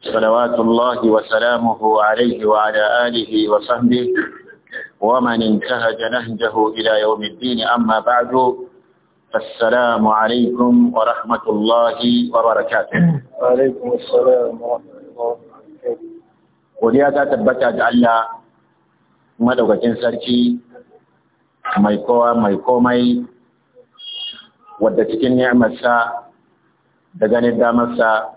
صلوات الله وسلامه عليه وعلى آله وصحبه ومن انتهج نهجه إلى يوم الدين أما بعد السلام عليكم ورحمة الله وبركاته عليكم السلام ورحمة الله وبركاته وليا تبتا جعلنا madaukakin sarki ميكوة ميكو مي ودتك النعمة سا ni'amarsa da ganin damarsa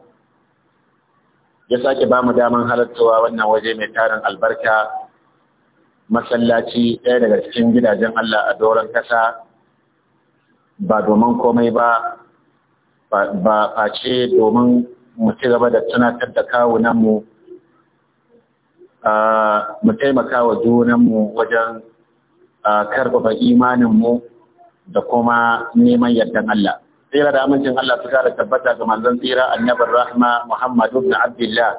ya sake ba mu daman halartawa wannan waje mai tarin albarka masallaci ɗaya daga cikin gidajen Allah a doron ƙasa ba domin komai ba ba face domin mu ci gaba da tunatar da kawunanmu mu taimaka wa junanmu wajen karfafa imaninmu da kuma neman yardan Allah. tsira da amincin Allah su kara tabbata ga manzon tsira annabar rahma Muhammadu ibn Abdullah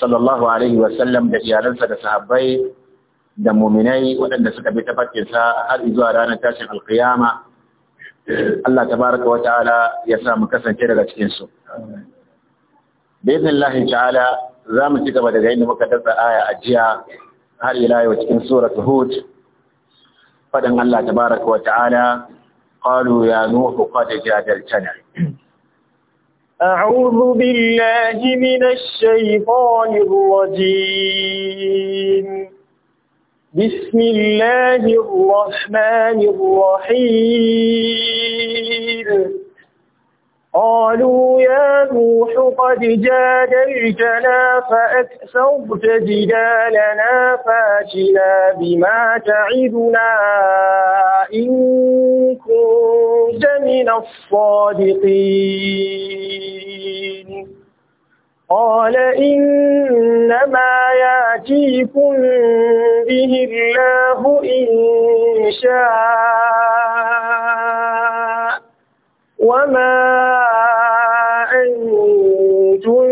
sallallahu alaihi wa sallam da iyalansa da sahabbai da muminai waɗanda suka bi tafarkin sa har zuwa ranar tashin alkiyama Allah tabaraka wa ta'ala ya sa mu kasance daga cikin su ta'ala za mu ci gaba daga yadda muka datsa aya a jiya har ila yau cikin suratul hud fadan Allah tabaraka wa ta'ala قالوا يا نوح قد جادلتنا أعوذ بالله من الشيطان الرجيم بسم الله الرحمن الرحيم قالوا يا نوح قد جادلتنا فأكثرت جدالنا فاتنا بما تعدنا إن كنت من الصادقين قال إنما يأتيكم به الله إن شاء وما أنتم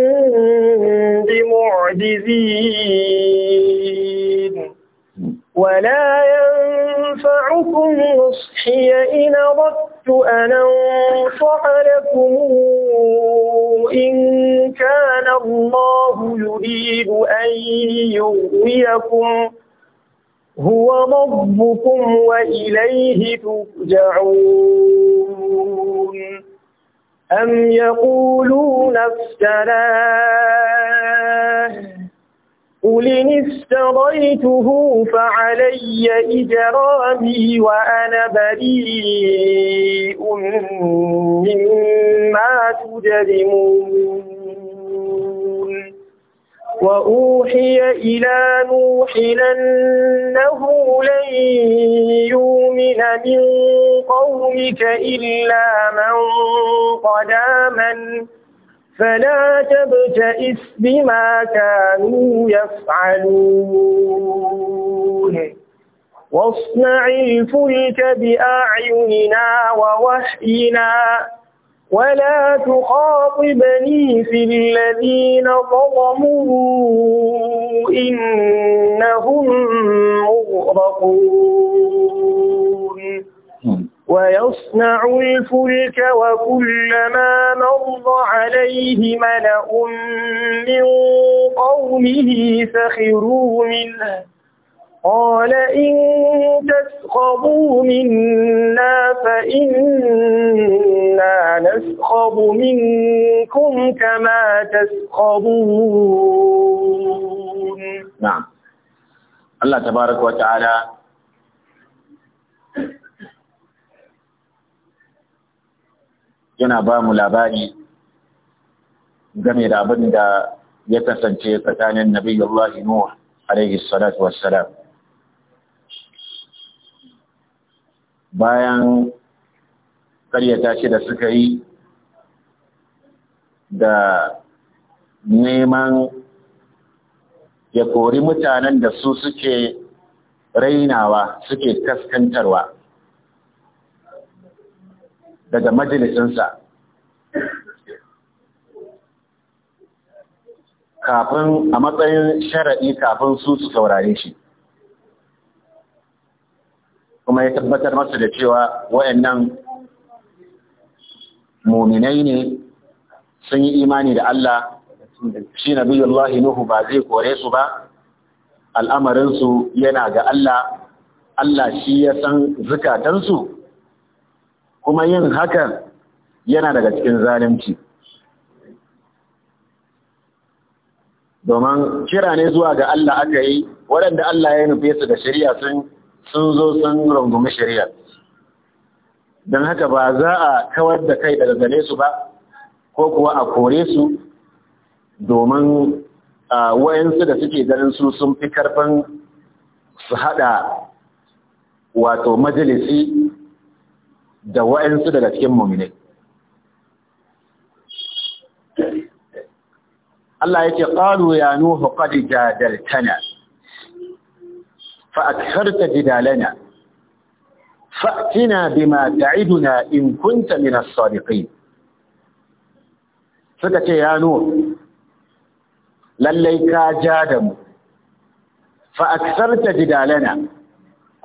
بمعجزين ولا ينفعكم نصحي إن أردت أن أنصح لكم إن كان الله يريد أن يغويكم هو ربكم وإليه ترجعون أم يقولون افتراه قل إن افتريته فعلي إجرامي وأنا بريء مما تجرمون وأوحي إلى نوح أنه لن يؤمن من قومك إلا من قد آمن فلا تبتئس بما كانوا يفعلون واصنع الفلك بأعيننا ووحينا ولا تخاطبني في الذين ظلموا إنهم مغرقون ويصنع الفلك وكلما مر عليه ملأ من قومه سخروا منه قال إن تسخبوا منا فإنا نسخب منكم كما تسخبون نعم الله تبارك وتعالى yana ba mu labari game da abin da ya kasance tsakanin Nabi Allah Nuh alaihi salatu wassalam bayan karya ta shi da suka yi da neman ya kori mutanen da su suke rainawa suke kaskantarwa daga majalisinsa kafin a matsayin sharaɗi kafin su su saurare shi kuma ya tabbatar masa da cewa wayannan muminai ne sun yi imani da Allah shi na nabiyullahi nuhu ba zai kore su ba al'amarinsu yana ga Allah Allah shi ya san zukatansu kuma yin hakan yana daga cikin zalunci domin kira ne zuwa ga Allah aka yi waɗanda Allah ya nufe su da shari'a sun sun zo sun rungumi shari'a don haka ba za a kawar da kai daga gare su ba ko kuwa a kore su domin wayansu da suke ganin su sun fi karfin su hada wato majalisi da wayansu daga cikin mummine Allah ya ce ƙalu ya nuhu ga jadaltana فأكثرت جدالنا فأتنا بما تعدنا إن كنت من الصادقين فتك يا نور لليكا جادم فأكثرت جدالنا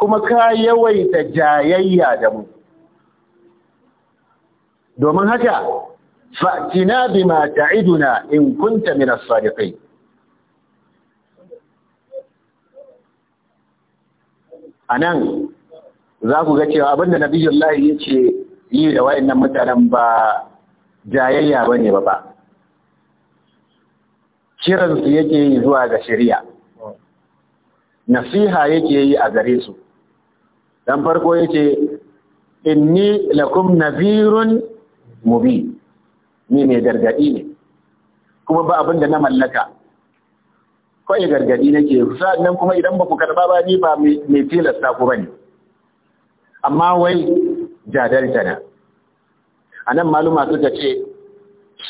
كما كا يويت آدم دم دومن هكا فأتنا بما تعدنا إن كنت من الصادقين a nan za ku ga cewa abinda na biyun ya ce yi da wa'annan mutanen ba jayayya ba ne ba ba kiransu yake yi zuwa ga shari'a nasiha yake yi a gare su dan farko yake inni lakum nadhirun mubi ni mai gargadi ne kuma ba abin da na mallaka kawai gargadi nake sa'an nan kuma idan ba ku karba ba ni ba mai tilasta ku bane amma wai jadalta na anan maluma suka ce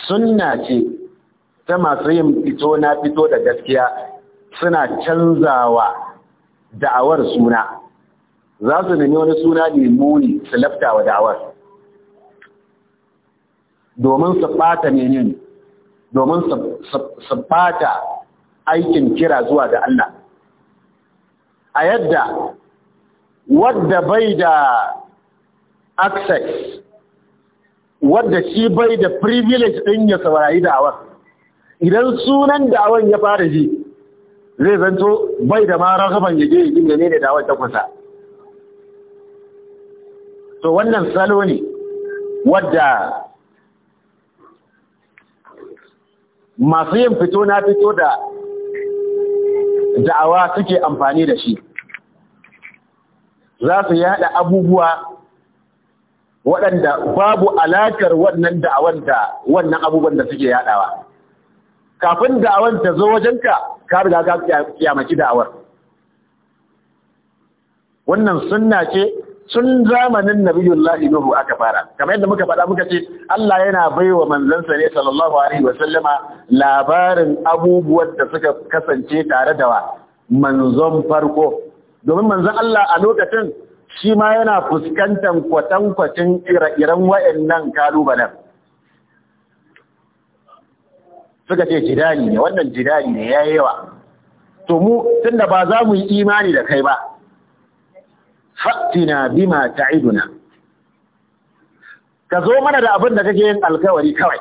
sunna ce ta masu yin fito na fito da gaskiya suna canzawa da'awar suna za su nemi wani suna ne muni su lafta wa da'awar domin su ɓata menene domin su ɓata aikin kira zuwa ga Allah a yadda wadda bai da access wadda shi bai da privilege ɗin ya saurari da'awar idan sunan da'awar ya fara ji zai zanto bai da ma ragaban ya je yin ne da da'awar ta kusa to wannan salo ne wadda masu yin fito na fito da da'awa suke amfani da shi za su yada abubuwa waɗanda babu alakar wannan da'awar da wannan abubuwan da suke yadawa kafin da'awar ta zo wajenka ka riga ka kiyamaki da'awar wannan sunna ce sun zamanin nabiyullahi nuhu aka fara kamar yadda muka fada muka ce Allah yana baiwa manzansa ne sallallahu alaihi wa labarin abubuwan da suka kasance tare da wa manzon farko domin manzon Allah a lokacin shi ma yana fuskantar kwatankwacin ire-iren waɗannan kalubalen suka ce jidani ne wannan jidani ne yayi yawa to mu tunda ba za mu yi imani da kai ba fattina bima ta'iduna ka zo mana da abin da kake yin alkawari kawai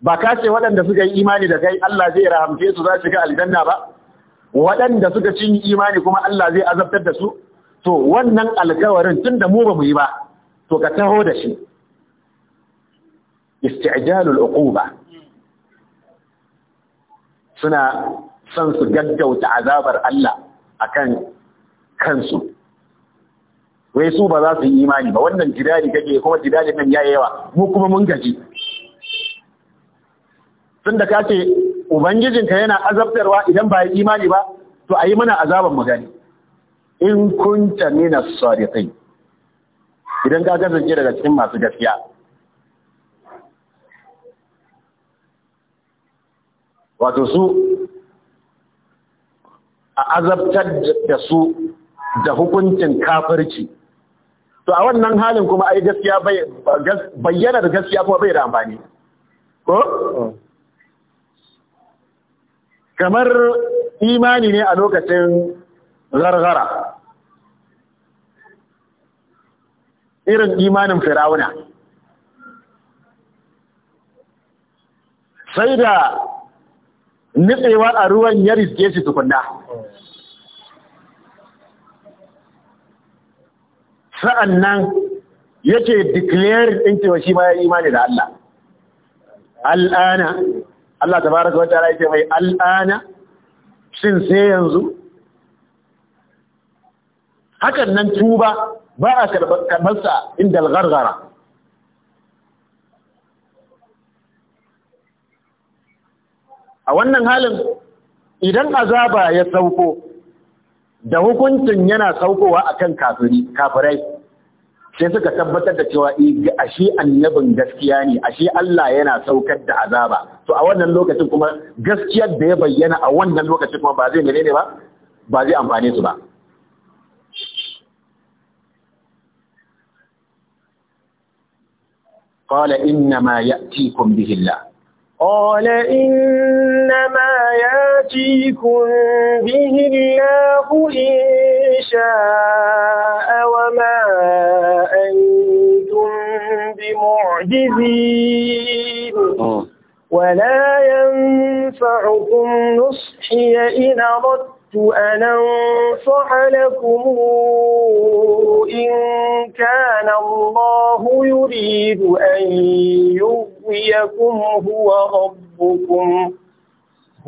ba ka ce waɗanda suka yi imani da kai Allah zai rahamce su za su ga aljanna ba waɗanda suka cin imani kuma Allah zai azabtar da su to wannan alkawarin tun da mu ba mu yi ba to ka taho da shi isti'jalul uquba suna son su gaggauta azabar Allah akan kansu wai su ba za su yi imani ba wannan jidali kake kuma jidali nan yi yawa mu kuma mun gaji tunda ka ce ubangijinka yana azabtarwa idan ba yi imani ba to a yi mana azaban mu gani in kunta min as-sadiqin idan ka kasance daga cikin masu gaskiya wato su a azabtar da su da hukuncin kafirci to a wannan halin kuma ai gaskiya bayyana da gaskiya kuma bai da amfani ko kamar imani ne a lokacin gargara irin imanin firawuna sai da nitsewa a ruwan ya ke shi tukunna sa'an nan yake declare ɗin cewa shi bayan imani da Allah al'ana Allah fara kawai tara yake mai al'ana shin sai yanzu hakan nan tuba ba a karɓarsa inda algargara a wannan halin idan azaba ya sauko da hukuncin yana saukowa akan kafirai sai suka tabbatar da cewa eh, ashe annabin gaskiya ne ashe Allah yana saukar da azaba to a wannan lokacin kuma gaskiyar da ya bayyana a wannan lokacin kuma ba zai ne ba ba zai amfane su ba قال إنما يأتيكم به الله ya إنما يأتيكم به معجزين آه. ولا ينفعكم نصحي إن أردت أن أنصح لكم إن كان الله يريد أن يغويكم هو ربكم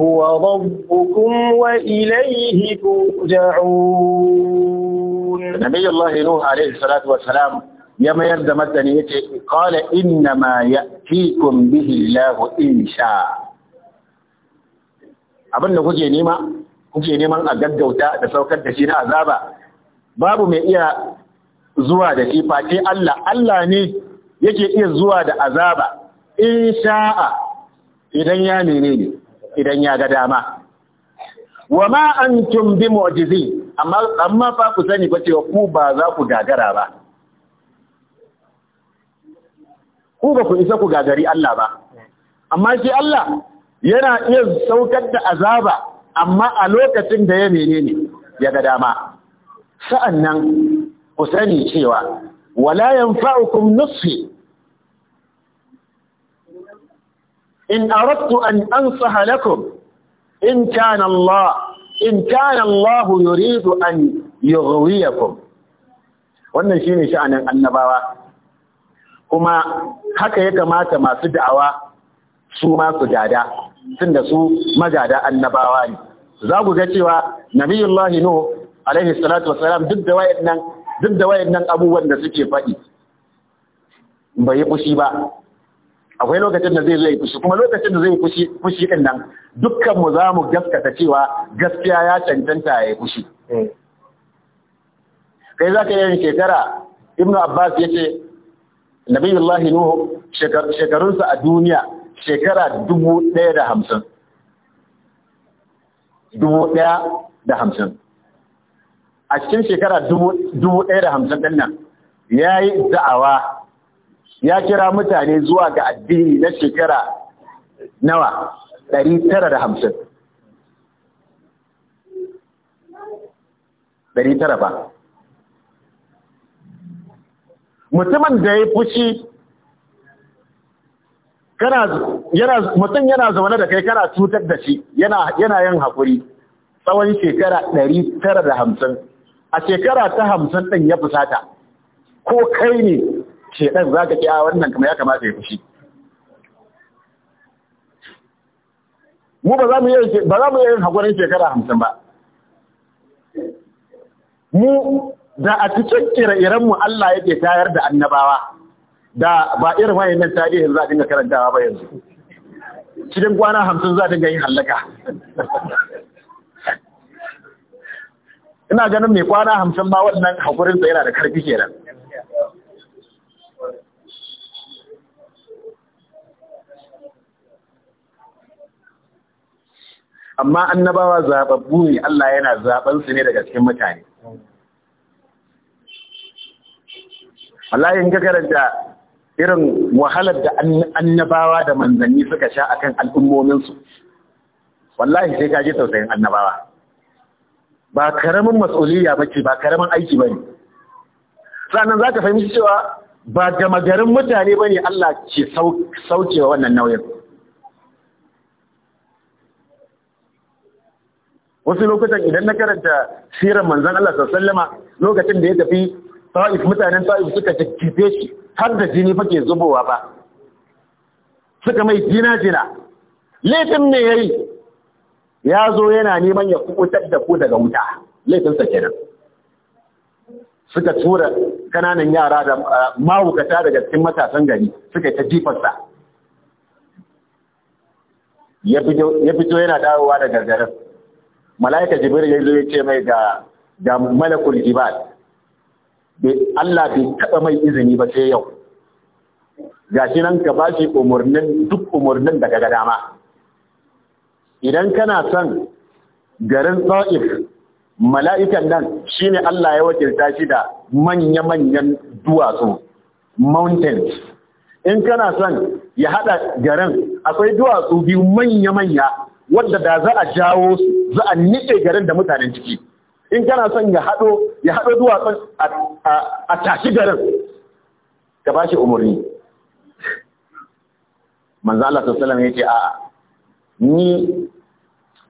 هو ربكم وإليه ترجعون نبي الله نوح عليه الصلاة والسلام ya mayar da matsani ya ce Kala inna ma ya'tikum bihi Allahu in sha abin da kuke nema kuke neman a gaggauta da saukar da shi na azaba babu mai iya zuwa da shi face Allah Allah ne yake iya zuwa da azaba in sha'a idan ya ne, idan ya ga dama wa ma tun bi amma fa ku sani ba cewa ku ba za ku gagara ba ku ba ku isa ku gagari Allah ba amma shi Allah yana iya saukar da azaba amma a lokacin da ya menene ya ga dama sa'annan ku sani cewa wala yanfa'ukum nusfi in arattu an ansaha lakum in kana Allah in kana Allah yuridu an yughwiyakum wannan shine sha'anin annabawa kuma haka ya kamata masu da'awa su masu gada tun da su magada annabawa ne za ku ga cewa nabiyullahi nuh alaihi salatu wasalam duk da wayannan duk da wayannan abubuwan da suke faɗi bai yi fushi ba akwai lokacin da zai zo yi fushi kuma lokacin da zai yi fushi fushi din nan dukkan mu za mu gaskata cewa gaskiya ya cancanta ya yi fushi eh. kai za ka yi shekara ibnu abbas yace nabiyullahi nuhu shekarunsa a duniya shekara dubu ɗaya da hamsin dubu ɗaya da hamsin a cikin shekara dubu ɗaya da hamsin ɗin nan ya yi da'awa ya kira mutane zuwa ga addini na shekara nawa ɗari tara da hamsin ɗari tara ba mutumin da ya fushi mutum yana zaune da kai kana cutar da shi yana yin haƙuri tsawon shekara ɗari tara da hamsin a shekara ta hamsin ɗin ya fusata ko kai ne ɗan za ka ƙi a wannan kuma ya kamata ya fushi mu ba za mu yi haƙurin shekara hamsin ba mu da a cikin ire mu Allah yake tayar da annabawa da ba irin wayannan tarihin za a dinga karantawa ba yanzu cikin kwana hamsin za a dinga yin hallaka ina ganin mai kwana hamsin ma wannan haƙurinsa yana da karfi nan amma annabawa zaɓaɓɓu ne Allah yana zaɓen su ne daga cikin mutane wallahi in ka karanta irin wahalar da annabawa da manzanni suka sha akan al'ummominsu wallahi sai ka ji tausayin annabawa ba karamin mas'uliyya bace ba karamin aiki bane sannan zaka fahimci cewa ba gama garin mutane bane Allah ke saukewa wannan nauyin wasu lokutan idan na karanta sirar manzan Allah sallallahu alaihi lokacin da ya tafi ta'if mutanen ta'if suka jajjife shi har da jini fake zubowa ba suka mai jina-jina laifin ne ya yi ya zo yana neman ya kubutar da ku daga wuta laifinsa kenan suka tura kananan yara da mawukata daga cikin matasan gari suka ta jifarsa ya fito yana dawowa da gargarar. mala'ika jibril ya zo ya ce mai ga malakul jibal Allah bai taɓa mai izini ba sai yau Ga shi nan ka bashi umarnin duk umarnin daga ga dama idan kana son garin Ta'if mala'ikan nan shine Allah ya wakilta shi da manya-manyan duwatsu mountains in kana son ya haɗa garin akwai duwatsu biyu manya-manya wadda da za a jawo su za a niƙe garin da mutanen ciki in kana son ya haɗo ya haɗo duwatsun a tashi garin ka ba shi umarni manzo Allah sallallahu alaihi yace a ni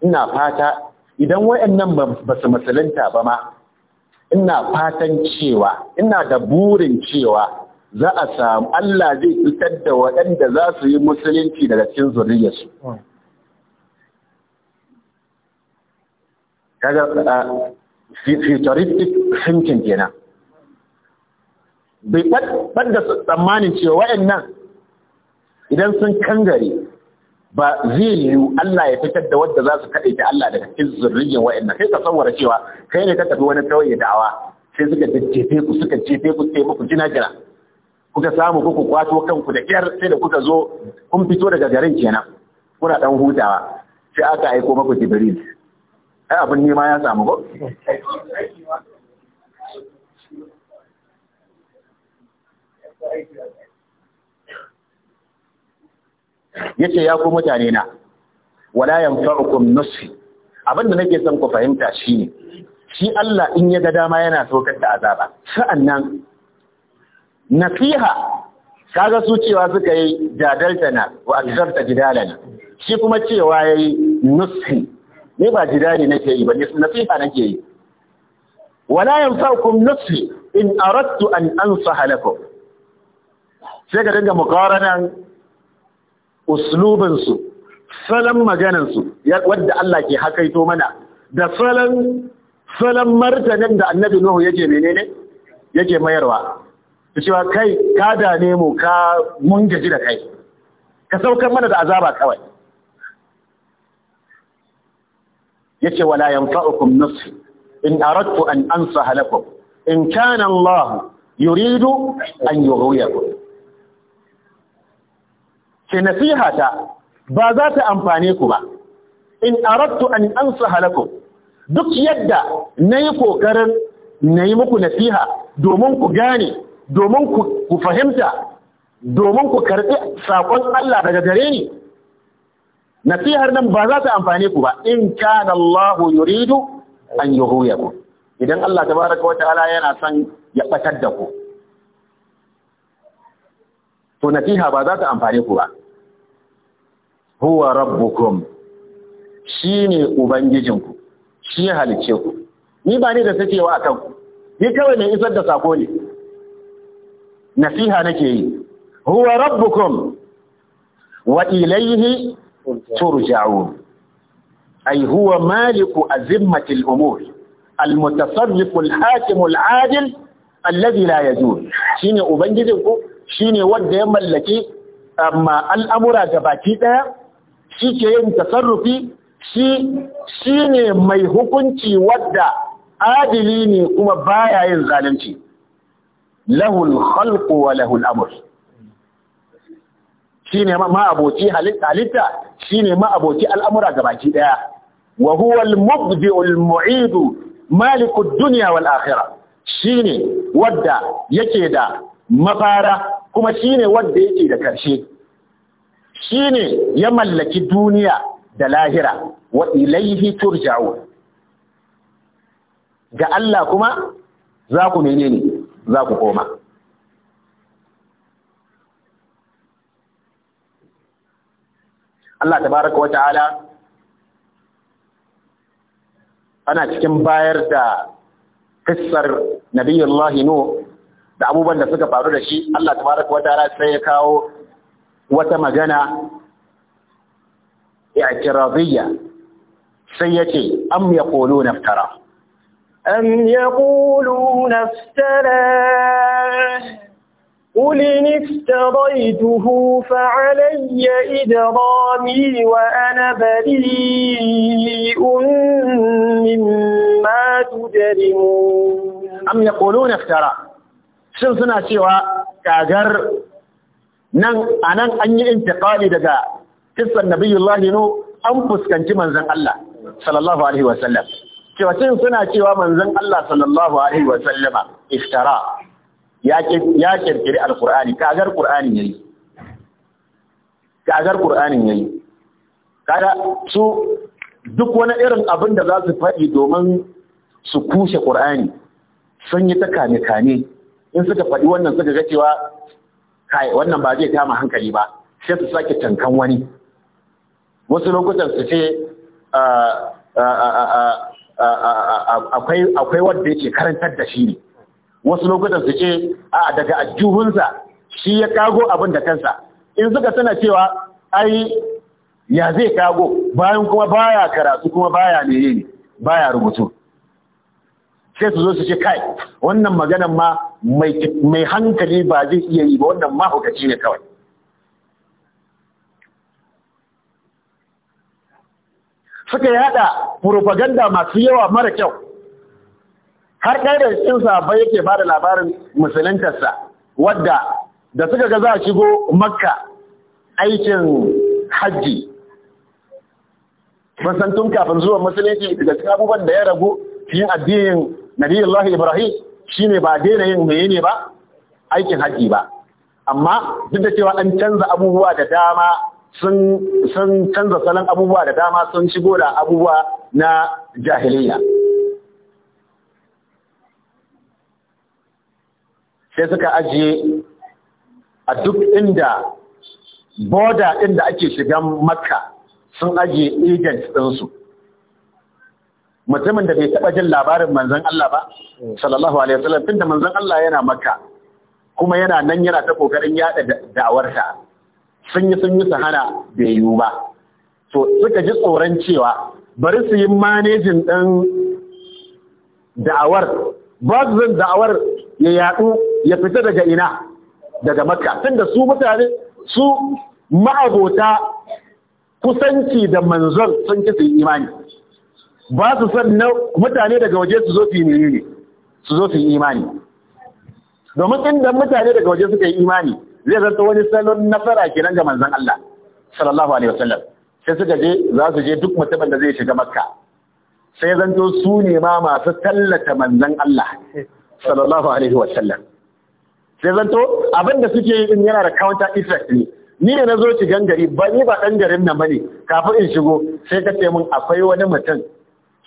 ina fata idan wayannan ba su musulunta ba ma ina fatan cewa ina da burin cewa za a samu Allah zai fitar da waɗanda za su yi musulunci daga cikin zuriyarsu hmm. kaga futuristic thinking kenan bai ɓadda tsammanin cewa wa'annan idan sun kangare ba zai yiwu Allah ya fitar da wadda za su kaɗe ta Allah daga cikin zurriyar wa'annan kai ka tsawara cewa kai ne ka tafi wani kawai da'awa sai suka jefe ku suka jefe ku sai muku jina jira kuka samu kuku kwato kanku da kyar sai da kuka zo kun fito daga garin kenan kuna dan hutawa sai aka aiko maku Jibril ai abin nema ya samu ba ce ya ku mutane na wala yanfa'ukum Nusri abinda nake son ku fahimta shine shi Allah in ya ga dama yana saukar da azaba Sa'an sa'annan nasiha kaga su cewa suka yi na wa akzarta jidalana shi kuma cewa ya yi Nusri. ne ba jidali nake yi ba ne nasiha nake yi wala yanfa'ukum nasihi in aradtu an ansaha lakum sai ka dinga muqaranan uslubin salon maganansu, wadda Allah ke hakaito mana da salon salon martanin da Annabi Nuhu yake menene yake mayarwa cewa kai ka dane mu ka mun gaji da kai ka saukar mana da azaba kawai yace wala yanfa'ukum nasihi in aradtu an ansaha lakum in kanan Allah yuridu an yughawiyakum nasiha nasihata ba za ta amfane ku ba in aratu an ansaha lakum duk yadda nayi kokarin nayi muku nasiha domin ku gane domin ku fahimta domin ku karɓi saƙon Allah daga gare ni nasihar nan ba za ta amfane ku ba in kana Allah yuridu an yuhyikum idan Allah tabaraka wataala yana son ya batar da ku to nasiha ba za ta amfane ku ba huwa rabbukum shine ku. shi halice ku ni ba ne da sakewa akan ku ni kawai mai isar da sako ne nasiha nake yi huwa rabbukum wa ilayhi ترجعون أي هو مالك أزمة الأمور المتصرف الحاكم العادل الذي لا يزول شيني أبنجدكو شيني ود يمن التي أما الأمر جباكيتا شي كيين تصرفي شيني شيني ميهكنتي ود عادليني وبايا ينظالنتي له الخلق وله الأمر shine ma aboki halitta shine ma aboki al'amura gabaki ɗaya. wa huwal al muidu malikud duniya maliku ad shi wal shine wadda yake da mafara kuma shine wadda yake da ƙarshe. Shi ne ya mallaki duniya da lahira wa ilaihi turja'un ga Allah kuma za ku menene za ku koma Allah tabaraka wa ta'ala ana cikin bayar da kissar nabiyullahi nu da abubuwan da suka faru da shi Allah tabaraka wa ta'ala sai ya kawo wata magana ya i'tiradiyya sai ya yace am yaquluna naftara. am yaquluna naftara. قل إن افتريته فعلي إدرامي وأنا بريء مما أم يقولون افترى shin suna cewa kagar nan an yi intiƙali daga kisan nabiyullahi no an fuskanci manzan Allah sallallahu shin suna cewa manzan Allah sallallahu alaihi ya kirkiri alkur'ani kagar ƙur'anin yayi kagar yayi kada su duk wani irin abin da za su faɗi domin su kushe qur'ani sun yi ta kame kame in suka faɗi wannan suka ga cewa kai wannan ba zai kama hankali ba sai su sake tankan wani wasu lokutan su ce ah, ah, ah, akwai wadda ce karantar da shi ne wasu lokutan su ce a daga ajuhunsa shi ya kago abin da kansa in suka sana cewa ai ya zai kago bayan kuma baya karatu kuma baya ne yi baya rubutu sai su zo su ce kai wannan maganan ma mai hankali ba zai iya yi ba wannan mahaukaci ne kawai suka yada propaganda masu yawa mara kyau har ɗaya da cikin sahabbai yake ba da labarin musuluntarsa wadda da suka ga za a shigo makka aikin hajji san tun kafin zuwa musulunci daga cikin abubuwan da ya ragu yin addinin nabiyullahi ibrahim shine ba daina yin ne ba aikin hajji ba amma duk da cewa an canza abubuwa da dama sun canza salon abubuwa da dama sun shigo da abubuwa na jahiliya sai suka ajiye a duk inda boda ɗin da ake shigan makka sun ajiye agent ɗinsu mutumin da bai taɓa jin labarin manzan Allah ba sallallahu alaihi wasallam tunda manzan Allah yana makka kuma yana nan yana ta kokarin yaɗa da'awarsa sun yi sun yi su hana bai yiwu ba to suka ji tsoron cewa bari su yi manejin ɗin da'awar ba zan da'awar ya yaɗu ya fita daga ina daga makka tunda su mutane su ma'abota kusanci da manzon sun kisa imani ba su san na mutane daga waje su zo su yi su zo su yi imani domin inda mutane daga waje suka yi imani zai zanta wani salon nasara kenan ga manzon Allah sallallahu alaihi wasallam sai suka je za su je duk mutumin da zai shiga makka sai zanto su ne ma masu tallata manzon Allah sallallahu alaihi wasallam sai zanto abin da suke yi yana da counter effect ne ni ne na zo ci gangari ba ni ba ɗan garin nan bane kafin in shigo sai ka ce min akwai wani mutum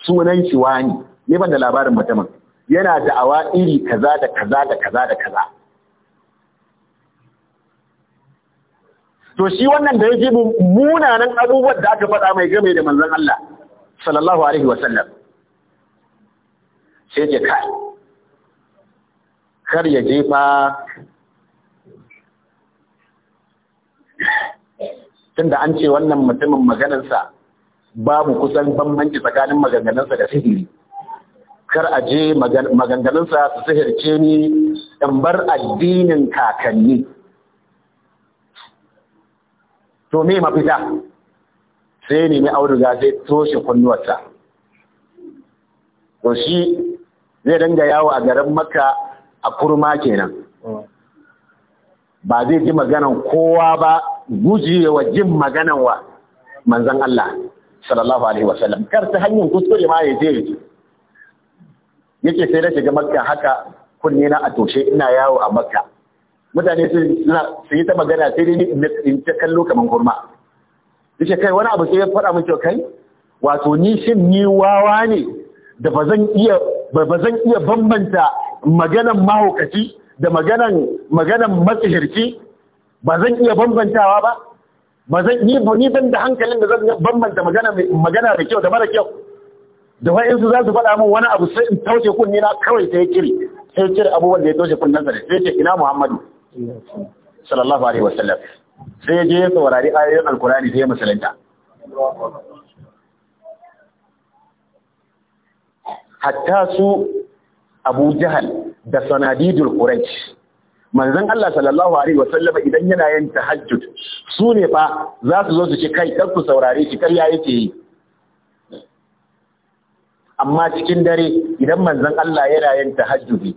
sunan shi wani ni ban da labarin mutumin yana da awa iri kaza da kaza da kaza da kaza to shi wannan da yake munanan abubuwan da aka faɗa mai game da manzon Allah sallallahu alaihi wasallam sai ke kai kar ya jefa tunda an ce wannan mutumin maganarsa babu kusan bambanci tsakanin maganganunsa da sihiri kar a je maganganunsa su sihirce ni in bar addinin kakanni to me mafita sai nemi auduga zai toshe kunnuwarsa to shi zai dinga yawo a garin makka a kurma kenan ba zai ji maganan kowa ba gujewa jin maganan wa manzon Allah sallallahu alaihi wasallam kar ta hanyar kuskure ma ya je yake sai na shiga makka haka kunne na a toshe ina yawo a makka mutane su yi ta magana sai dai in ta kallo kamar kurma yake kai wani abu sai ya faɗa mun kai wato ni shin ni wawa ne da ba zan iya bambanta maganan mahaukaci da maganan maganan matsihirci ba zan iya bambantawa ba ba zan ni ni ban da hankalin da zan bambanta magana da kyau da mara kyau da su za su faɗa min wani abu sai in taushe kunni na kawai sai kiri sai kiri abubuwan da ya taushe kunnen sa sai ce ina Muhammadu sallallahu alaihi wasallam sai ya je ya saurari ayoyin alkurani sai ya musulunta hatta su abu jahal da sanadidul Quraysh manzon Allah sallallahu alaihi wa sallam idan yana yin tahajjud su ne fa za su zo su ci kai dan ku saurare shi kar yayi yi amma cikin dare idan manzon Allah yana yin tahajjudi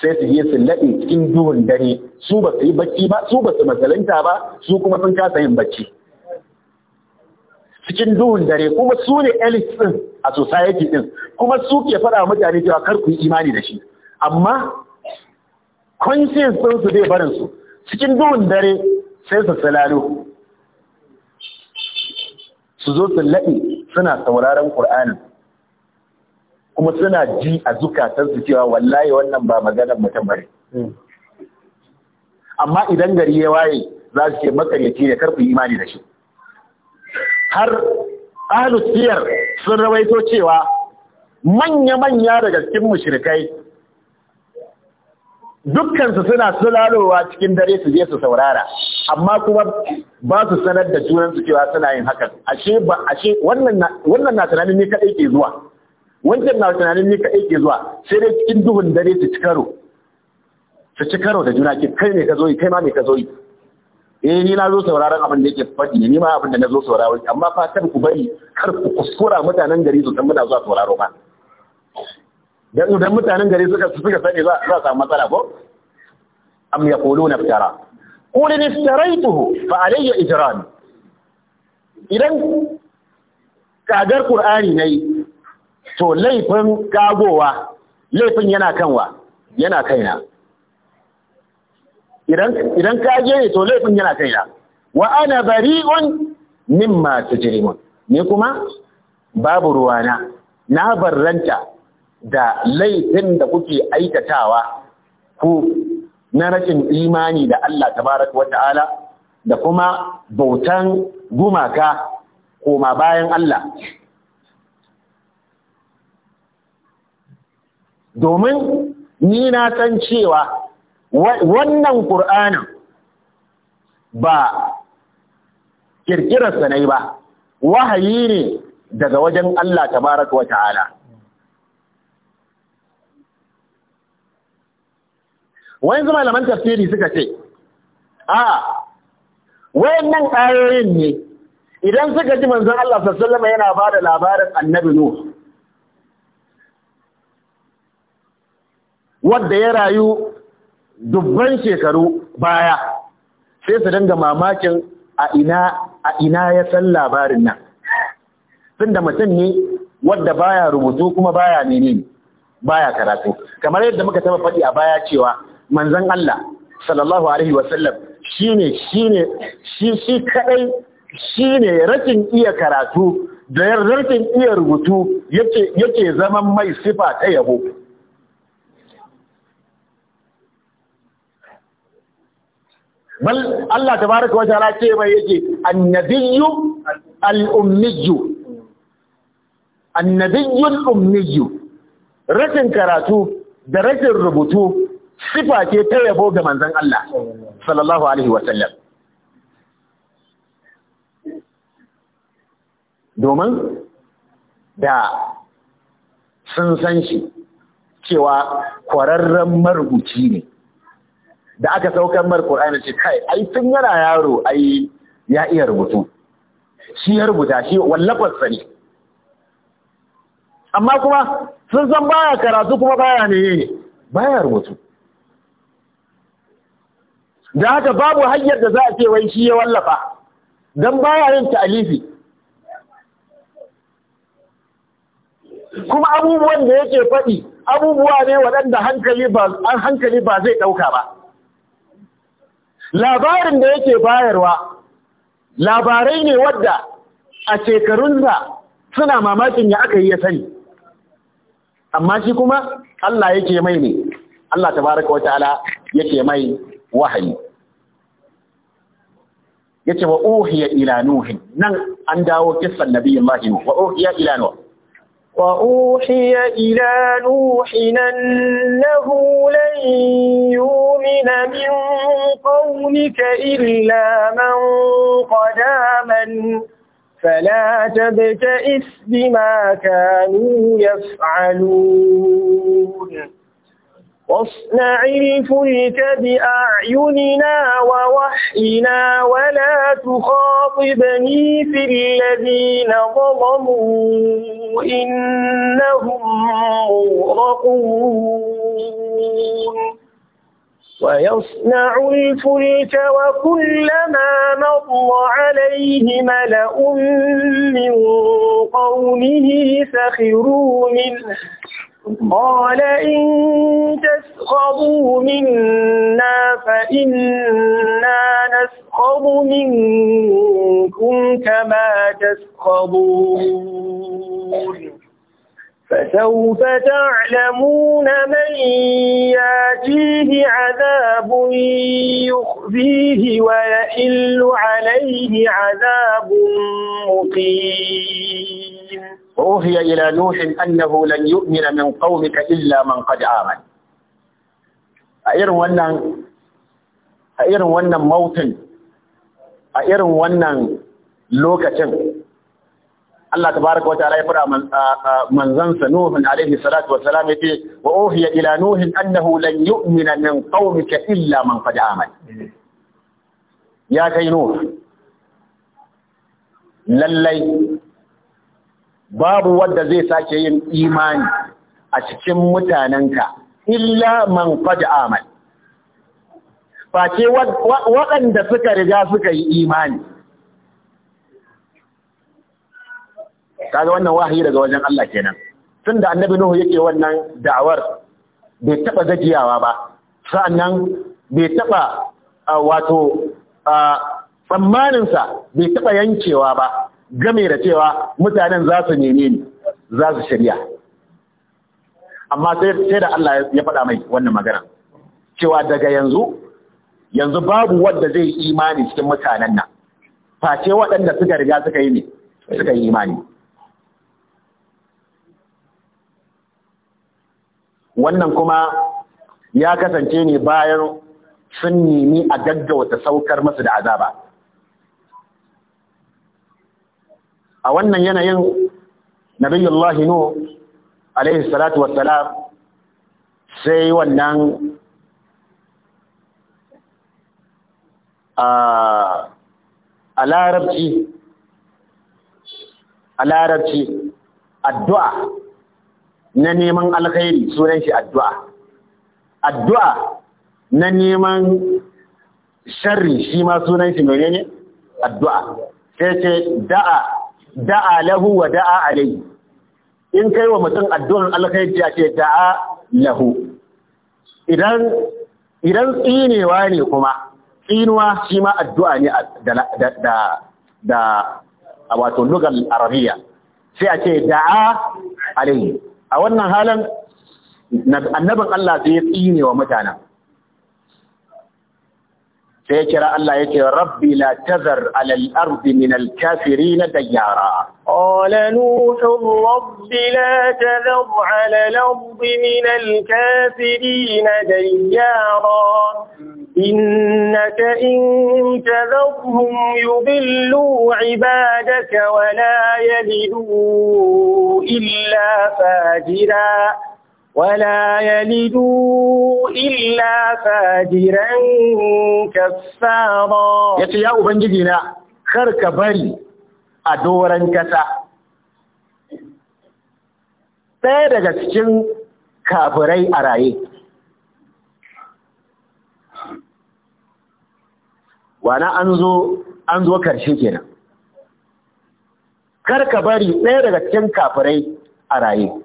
sai su je su laɗe cikin duhun dare su ba su yi bacci ba su ba su masalanta ba su kuma sun kasa yin bacci cikin duhun dare kuma su ne elite a society din kuma su ke faɗa mutane cewa kar ku yi imani da shi amma conscience din su zai barin su cikin duhun dare sai su salalo su zo su laɗe suna sauraron Qur'anin kuma suna ji a zukatansu cewa wallahi wannan ba maganar mutum bane amma idan gari ya waye za su ce makaryaci da karfi imani da shi har ahlus sun rawaito cewa manya-manya daga cikin mushrikai dukkansu suna sulalowa cikin dare su je su saurara amma kuma ba su sanar da junansu cewa suna yin hakan ashe ba ashe wannan na tunanin ne kaɗai ke zuwa wancan na tunanin ne kaɗai ke zuwa sai dai cikin duhun dare su ci karo su ci karo da juna ke kai ne ka zo yi kai ma ne ka zo yi eh ni na zo sauraron abin da yake faɗi ni ma abin da na zo sauraro amma fa kar ku bari kar ku kuskura mutanen gari su san muna zuwa sauraro ba dan da mutanen gari suka suka sani za za samu matsala ko am yaquluna iftara qul in iftaraytuhu fa alayya ijran idan kagar qur'ani nayi to laifin kagowa laifin yana kanwa yana kaina idan ka je ne to laifin yana kaina wa ana bari'un mimma tujrimun ne kuma babu ruwana na barranta da laifin da kuke aikatawa ku na rashin imani da Allah tabaraka wa ta'ala da kuma bautan gumaka koma bayan Allah domin ni na san cewa wannan ƙur'anin ba ƙirƙirarsa na ba wahayi ne daga wajen Allah tabaraka wa ta'ala Wani zama laman tafsiri suka ce a nan ayoyin ne idan suka ji manzan Allah sallallahu alaihi yana bada labarin annabi Nuh wanda ya rayu dubban shekaru baya sai su danga mamakin a ina ya san labarin nan tun da mutum ne wadda baya rubutu kuma baya menene baya karatu kamar yadda muka taba faɗi a baya cewa manzon Allah sallallahu alaihi wasallam shi ne shi shi kadai ne rashin iya karatu da rashin iya rubutu yake zaman mai sifa ta yabo bal Allah tabaraka wa ta'ala ce mai yake annabiyyu al-ummiyyu annabiyyun ummiyyu rashin karatu da rashin rubutu sifa ce ta yabo ga manzon Allah sallallahu alaihi wa sallam domin da sun san shi cewa kwararren marubuci ne da aka saukar mar Qur'ani ce kai ai tun yana yaro ai ya iya rubutu shi ya rubuta shi wallafar sani amma kuma sun san baya karatu kuma baya ne baya rubutu da haka babu hanyar da za a ce wai shi ya wallafa don baya yin ta'alifi kuma abubuwan da yake faɗi abubuwa ne waɗanda hankali ba zai ɗauka ba labarin da yake bayarwa labarai ne wadda a da suna mamakin ya aka yi ya sani amma shi kuma Allah yake mai ne Allah tabaraka wata'ala yake mai wahayi yace wa uhiya ila nuhin nan an dawo kissan nabiyullahi wa uhiya ila nuhin وأوحي إلى نوح أنه لن يؤمن من قومك إلا من قد آمن فلا تبتئس بما كانوا يفعلون واصنع الفلك بأعيننا ووحينا ولا تخاطبني في الذين ظلموا إنهم مغرقون ويصنع الفلك وكلما مضى عليه ملأ من قومه سخروا منه قال إن تسخبوا منا فإنا نسخب منكم كما تسخبون فسوف تعلمون من ياتيه عذاب يخزيه ويئل عليه عذاب مقيم وأوحي إلى نوح أنه لن يؤمن من قومك إلا من قد آمن a irin wannan a irin wannan mautin a irin wannan lokacin Allah tabaraka wa ta'ala ya fara manzansa Nuhun alaihi salatu wa salam yace wa uhiya ila nuhin annahu lan yu'mina min qaumika illa man qad amana ya kai Nuh lallai babu wanda zai sake yin imani a cikin mutanenka illa man faɗi amal ce waɗanda suka riga suka yi imani kaga wannan wahayi daga wajen Allah kenan da annabi nuhu yake wannan da'awar bai taba gajiyawa ba sa'annan bai taba wato tsammaninsa bai taɓa yankewa ba game da cewa mutanen za su neme ni za su shari'a amma sai da Allah ya faɗa mai wannan magana cewa daga yanzu yanzu babu wanda zai yi imani cikin mutanen nan face waɗanda suka riga suka yi ne suka yi imani wannan kuma ya kasance ne bayan sun nemi a gaggauta saukar masu da azaba a wannan yanayin nabiyullahi nu alaihi salatu wassalam sai wannan a larabci a larabci addu'a na neman alkhairi sunan shi addu'a addu'a na neman sharri shi ma sunan shi menene addu'a sai ce da'a da'a lahu wa da'a alai in kai wa mutum addu'an alkhairi ya ce da'a lahu idan idan tsinewa ne kuma tsinuwa shi ma addu'a ne da da a wato lugal arabiya sai a ce da'a alai a wannan halin annabin Allah sai ya tsinewa mutanen sai kira Allah ya ce rabbi la tazar alal ardi min al kafirin dayyara qala nuhu rabbi la tazar alal ardi min al kafirin dayyara إنك إن تذرهم يضلوا عبادك ولا يلدوا إلا فاجرا ولا يلدوا إلا فاجرا كفارا يتي يا أبنجينا خرك بري أدورا كسا ɗaya daga كابري kafirai وانا أنزو أنزو كرشيكينا karka bari ɗaya daga cikin kafirai a rayu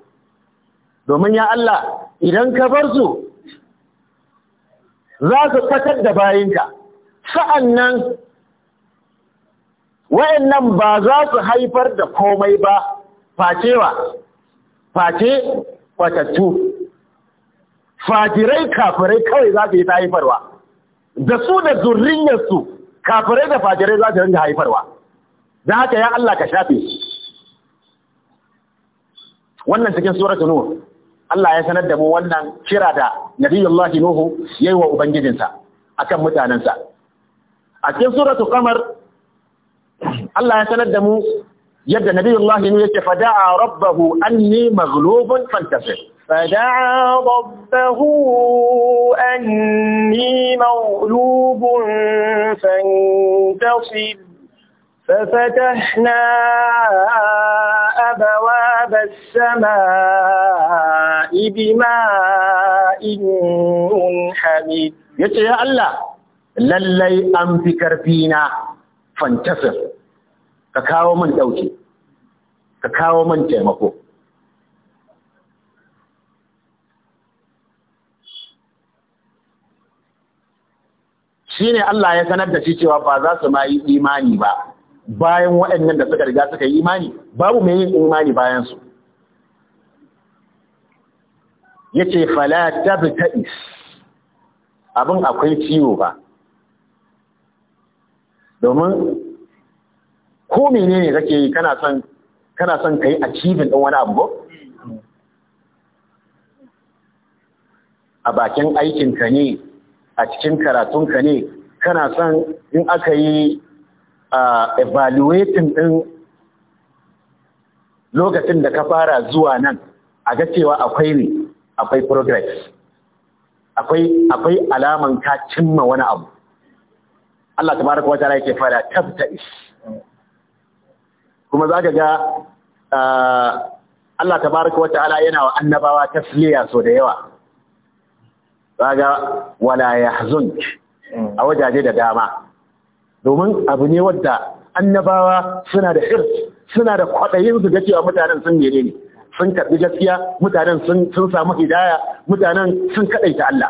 domin ya Allah idan ka bar su za su fatar da bayinka sa'annan wayannan ba za su haifar da komai ba facewa face kwatattu fajirai kafirai kawai za su yi ta haifarwa da su da zurriyarsu kafirai da fajirai za su ringa haifarwa Da haka ya Allah ka shafe wannan cikin suratul nur Allah ya sanar da mu wannan kira da Nabiyullahi Nuhu yayi wa ubangijinsa akan mutanensa. a cikin suratul qamar Allah ya sanar da mu yadda Nabiyullahi Nuhu yake fada'a rabbahu anni maghlubun fantasir فدعا ربه أني مغلوب فانتصر ففتحنا أبواب السماء بماء حميد يتي يا الله للي أنفكر فينا فانتصر كاكاو من دوكي كاكاو من تيمكو shine Allah ya sanar da shi cewa ba za su ma yi imani ba bayan waɗannan da suka riga suka yi imani babu mai yin imani bayansu. Ya yace fala is abin akwai ciwo ba domin ko menene kake yi kana son ka yi kai achieving ɗin wani abu a bakin aikinka ne a cikin karatunka ne kana son in aka yi a evaluating ɗin lokacin da ka fara zuwa nan a ga cewa akwai ne akwai progress akwai akwai alaman ka cimma wani abu Allah tabaraka wa ta'ala yake fara is kuma zaka ga Allah tabaraka wa ta'ala yana wa annabawa tasliya so da yawa zaka wala yahzunk a wajaje da dama domin abu ne wadda annabawa suna da hirs suna da kwaɗayin su cewa mutanen sun mene ne sun karɓi gaskiya mutanen sun samu hidaya mutanen sun kaɗaita Allah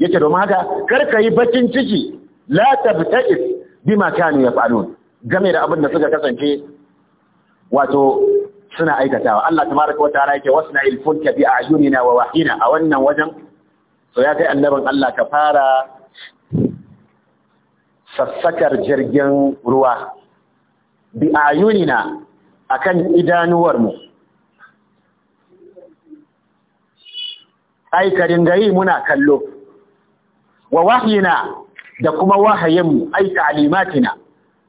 yake domin haka kar ka yi bakin ciki la tabta'is bima kanu yaf'alun game da abin da suka kasance wato suna aikatawa Allah tabaraka wataala yake wasna il fulka bi a'yunina wa wahina a wannan wajen so ya kai annabin Allah ka fara sassakar jirgin ruwa bi a kan idanuwarmu ai ka muna kallo wa na da kuma wahayinmu ai na,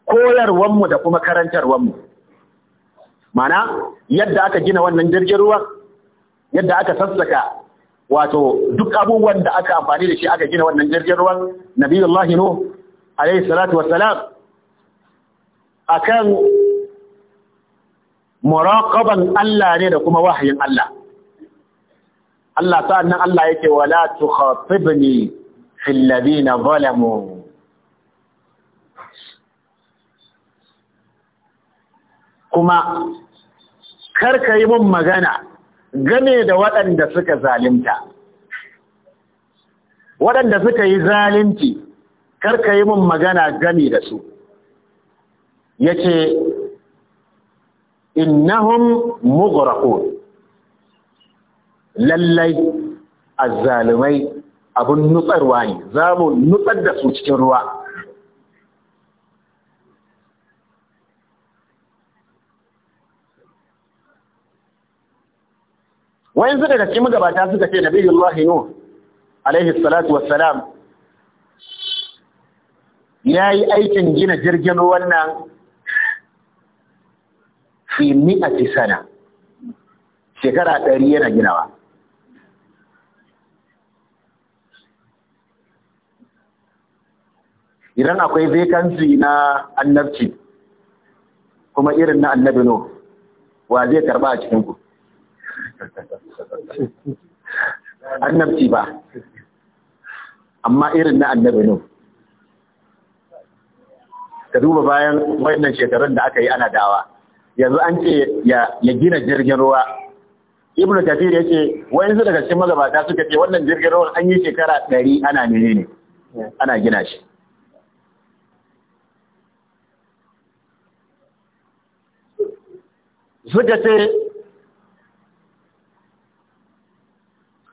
koyarwanmu da kuma karantarwanmu mana yadda aka gina wannan jirgin ruwa yadda aka sassaka wato duk abubuwan da aka amfani da shi aka gina wannan jirgin ruwan nabiyullahi nuh alaihi salatu wassalam akan muraqaban Allah ne da kuma wahayin Allah Allah sa'annan Allah yake wala tukhatibni fil ladina zalamu kuma karka yi mun magana game da waɗanda suka zalunta, waɗanda suka yi zalunci kar ka yi min magana gami da su ya yace innahum mughraqun lallai azzalumai abun nutsarwa ne za mu nutsar da su cikin ruwa wayan daga gaske gabata suka ce nabiyullahi hinu? alaihi salatu wassalam ya yi aikin gina jirgin wannan fi mi'ati sana shekara ɗari yana ginawa idan akwai vacancy na annabci kuma irin na annabino wa zai karba a cikinku annabci ba amma irin na annabino ka duba bayan wannan shekarun da aka yi ana dawa yanzu an ce ya gina jirgin ruwa ibnu kafir yace wayansu daga cikin magabata suka ce wannan jirgin ruwan an yi shekara ɗari ana menene ana gina shi suka ce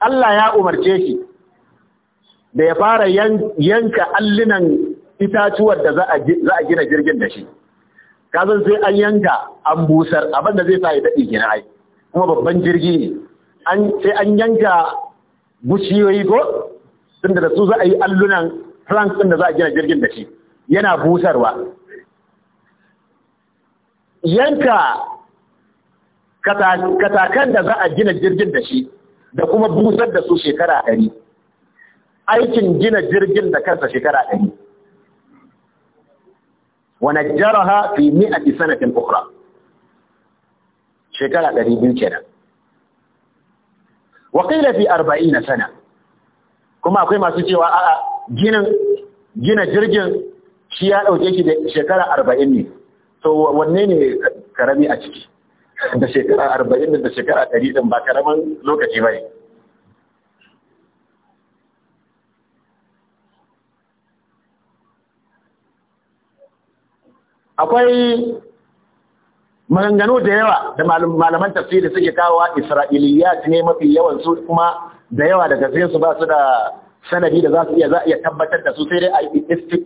Allah ya umarce shi da ya fara yanka allinan. itatuwar da za a gina jirgin da shi kazan sai an yanka an busar abin da zai sa ya daɗe gina ai kuma babban jirgi ne sai an yanka bushiyoyi ko tunda da su za a yi allunan plank din da za a gina jirgin da shi yana busarwa yanka katakan da za a gina jirgin da shi da kuma busar da su shekara ɗari aikin gina jirgin da kansa shekara ɗari ونجرها في مئة سنة أخرى شكرا لدي كنا وقيل في أربعين سنة كما أقول سوى جنة جنة جرجة شياء أو جيش شكرا أربعين so ونيني كرمي karami da shekara 40 da shekara 100 ba karaman lokaci ba ne akwai maganganu da yawa da malaman tafsiri suke kawowa isra'iliyat ne mafi yawan su kuma da yawa daga cikin su ba su da sanadi da za su iya za iya tabbatar da su sai dai a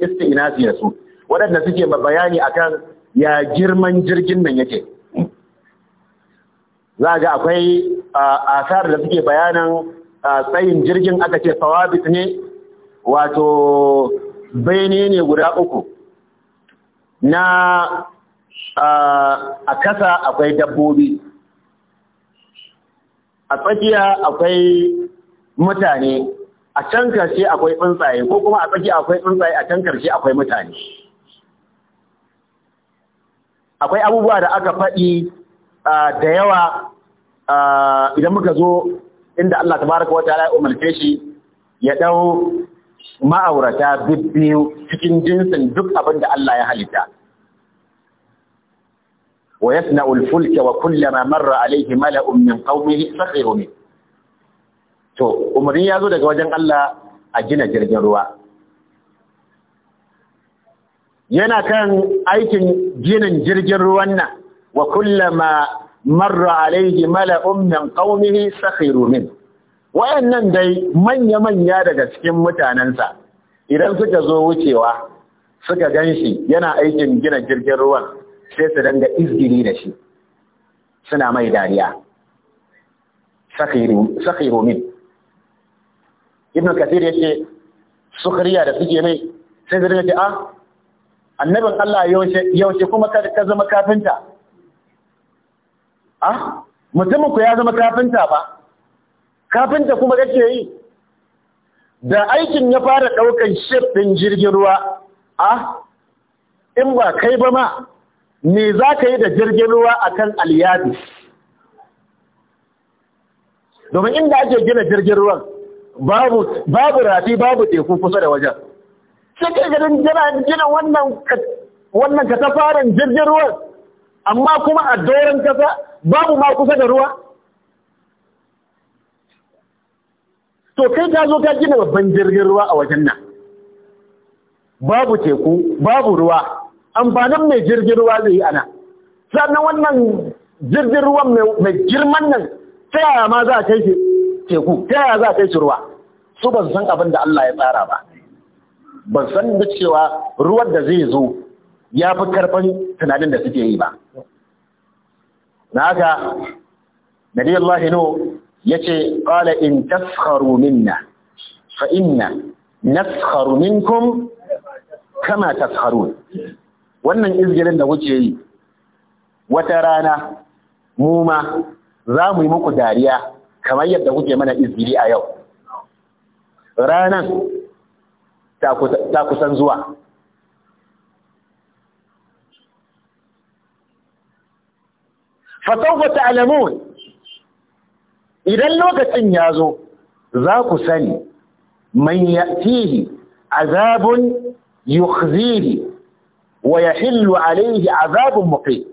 istinasi da su waɗanda suke bayani akan ya girman jirgin nan yake za ga akwai asar da suke bayanan tsayin jirgin aka ce fawabit ne wato bene ne guda uku na a kasa akwai dabbobi a tsakiya akwai mutane a can karshe akwai tsuntsaye ko kuma a tsakiya akwai tsuntsaye a can karshe akwai mutane akwai abubuwa da aka faɗi da yawa idan muka zo inda Allah tabaraka wata ya umarce shi ya ɗau ma'aurata bibbiyu cikin jinsin duk abin da Allah ya halitta. Wa yasna ulfulke wa kullama marra alaihi mala'un min qaumihi sakhiru To umarni ya zo daga wajen Allah a gina jirgin ruwa. Yana kan aikin ginin jirgin ruwan nan wa kullama marra alaihi mala'un min qaumihi sakhiru wayannan dai manya-manya daga cikin mutanensa idan suka zo wucewa suka gan shi yana aikin gina jirgin ruwan sai su danga izgiri da shi suna mai dariya sakhiru min ibn kathir yace sukhriya da suke mai sai zai ce a ah, annabin Allah yaushe kuma ka zama kafinta a ah, mutumin ku ya zama kafinta ba Kafin ta kuma kake yi da aikin ya fara ɗaukan ship ɗin jirgin ruwa a in ba kai ba ma me za ka yi da jirgin ruwa a kan aliyadi domin inda ake gina jirgin ruwan babu rafi babu teku kusa da wajen cikin garin gina wannan katafaren jirgin ruwan amma kuma a doron kasa babu ma kusa da ruwa to kai ta zo ta gina babban jirgin ruwa a wajen nan babu teku babu ruwa amfanin mai jirgin ruwa zai yi ana sannan wannan jirgin ruwan mai girman nan ta yaya ma za a kai shi teku ta yaya za a kai shi ruwa su ban san abin da Allah ya tsara ba ban san da cewa ruwan da zai zo ya fi karfin tunanin da suke yi ba na haka nabi Allah no ce qala in taskharu minna fa inna naskharu minkum kama tasharun. wannan izgirin da kuke yi wata rana mu ma za mu yi muku dariya kamar yadda kuke mana izgiri a yau ranan ta kusan zuwa fasaufa ta'lamun idan lokacin ya zo za ku sani man ya'tihi azabun yukhzihi wa yahillu alayhi azabun muqim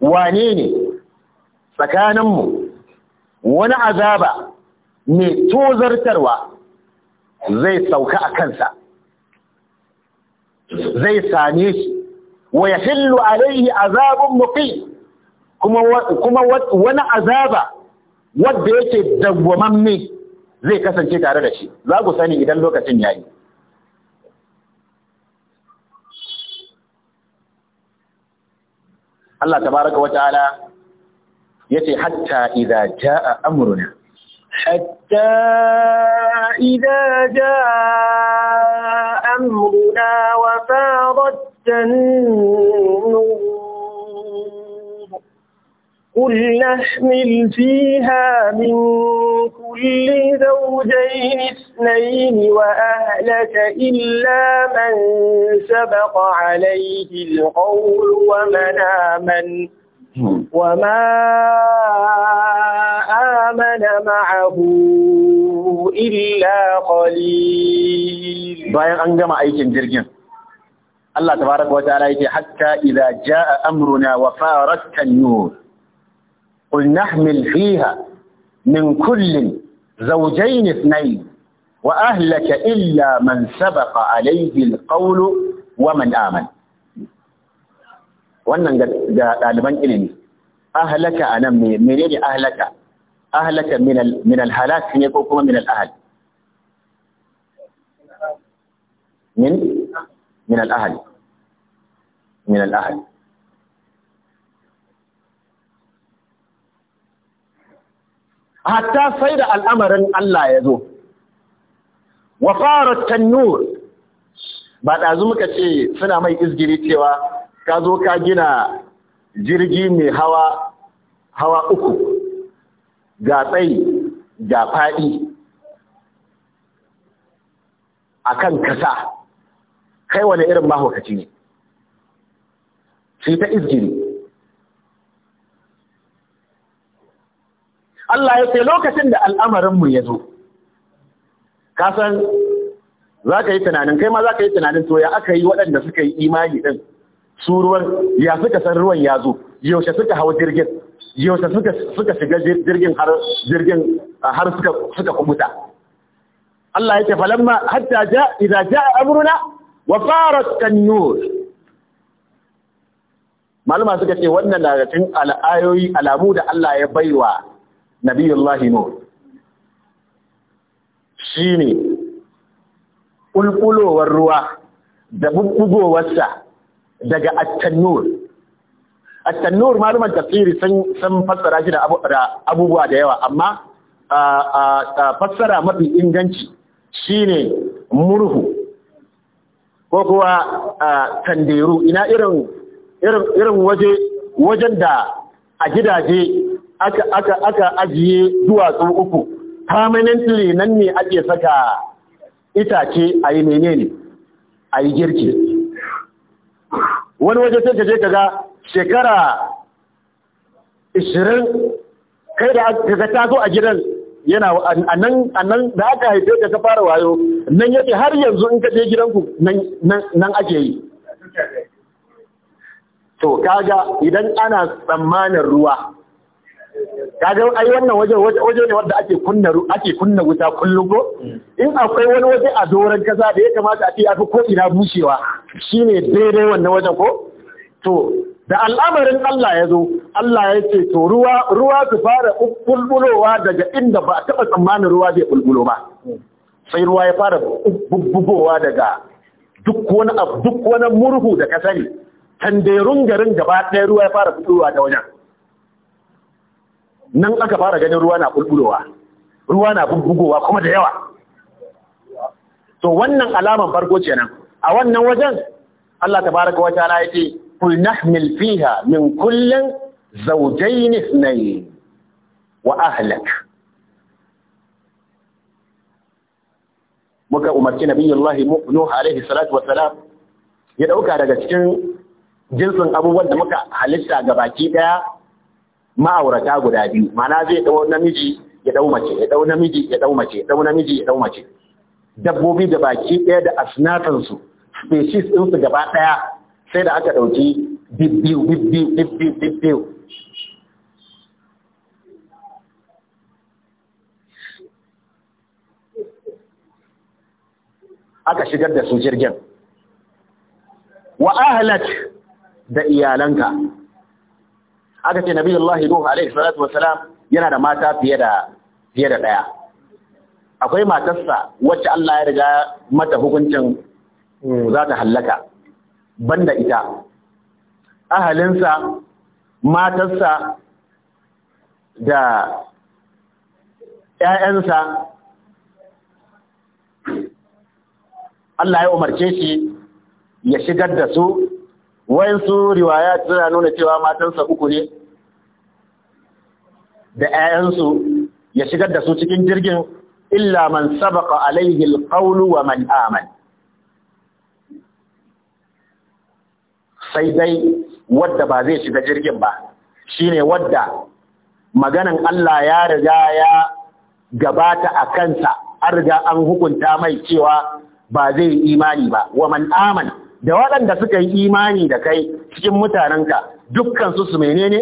wane ne tsakaninmu wani azaba mai tozartarwa zai sauka a kansa zai same shi wa yahillu alayhi azabun muqim kuma wani azaba wadda yake dawwamamme zai kasance tare da shi za ku sani idan lokacin yayi Allah tabaraka wa ta'ala ce, hatta ja a Amurina. hatta ja a amruna wa fadat قل نحمل فيها من كل زوجين اثنين وأهلك إلا من سبق عليه القول ومن آمن وما آمن معه إلا قليل باين أنجم أيكم جرجم الله تبارك وتعالى حتى إذا جاء أمرنا وفارت النور قل نحمل فيها من كل زوجين اثنين وأهلك إلا من سبق عليه القول ومن آمن wannan ga ɗaliban ilimi ahlaka a nan mene ne ahlaka ahlaka min alhalak ne ko kuma min al'ahal min min al'ahal min al'ahal hatta sai da al'amarin Allah ya zo wa fara tannur ba ɗazu muka ce suna mai izgiri cewa ka zo ka gina jirgi mai hawa hawa uku ga tsayi ga faɗi a kan kasa kai wani irin mahaukaci ne sai ta izgiri Allah ya ce lokacin da al'amarinmu ya zo, kasan za ka yi tunanin, kai ma za ka yi tunanin to ya aka yi waɗanda suka yi imani ɗin, su ruwan ya suka san ruwan ya zo, yaushe suka hau jirgin, yaushe suka shiga jirgin har jirgin har suka kubuta. Allah ya ce falamma hatta ja idza jaa amruna wa farat kanur malama suka ce wannan daga cikin al'ayoyi alamu da Allah ya baiwa nabiyullahi shi shine ƙulƙulowar ruwa da bubbugowarsa daga at-tannur at tafsiri sun fassara shi da abubuwa da yawa amma fassara mafi inganci shine murhu ko kuwa tanderu ina irin irin waje wajen da a gidaje aka aka aka ajiye duwatsu uku permanently nan ne ake saka itace a yi menene a yi girki wani waje sai ka je ka ga shekara ishirin kai da aka ta zo a gidan yana nan da aka haife ka ka fara wayo nan yake har yanzu in ka je gidanku nan ake yi to kaga idan ana tsammanin ruwa kaga ai wannan waje waje ne wanda ake kunna ake kunna wuta kullum ko in akwai wani waje a doran kasa da ya kamata a ce afi ko ina bushewa shine daidai wannan wajen ko to da al'amarin Allah ya zo Allah ya ce to ruwa ruwa su fara bulbulowa daga inda ba a taba tsammanin ruwa zai bulbulo ba sai ruwa ya fara bubbugowa daga duk wani duk wani murhu da ka sani tanderun garin gaba ɗaya ruwa ya fara fitowa ta wajen nan aka fara ganin ruwa na kulkulowa ruwa na bubbugowa kuma da yawa to wannan alaman farko kenan a wannan wajen Allah tabaraka wa ta'ala yace kul nahmil fiha min kullin zawjayn ithnayn wa ahlak muka umarci nabiyullahi nuh Alayhi salatu salam ya dauka daga cikin jinsin abubuwan da muka halitta ga baki daya ma'aurata guda biyu mana zai ɗau namiji ya ɗau mace ya ɗau namiji ya ɗau mace ya ɗau namiji ya ɗau mace dabbobi da baki ɗaya da su species su gaba ɗaya sai da aka ɗauki bibbiu bibbiu bibbiu bibbiu aka shigar da su jirgin wa ahlak da iyalanka aka ce nabi Allah Nuhu alaihi salatu salam yana da mata fiye da ɗaya. akwai matarsa wacce Allah ya riga mata hukuncin za ta hallaka banda ita ahalinsa matarsa da ‘ya'yansa Allah ya umarce shi ya shigar da su wayansu riwaya suna nuna cewa matansa uku ne da 'ya'yansu ya shigar da su cikin jirgin illa man sabaka alaihi alqawlu wa man aman sai dai wadda ba zai shiga jirgin ba shine wadda maganan Allah ya riga ya gabata a kansa an riga an hukunta mai cewa ba zai imani ba wa man aman da waɗanda suka yi imani da kai cikin mutanenka dukkan su su menene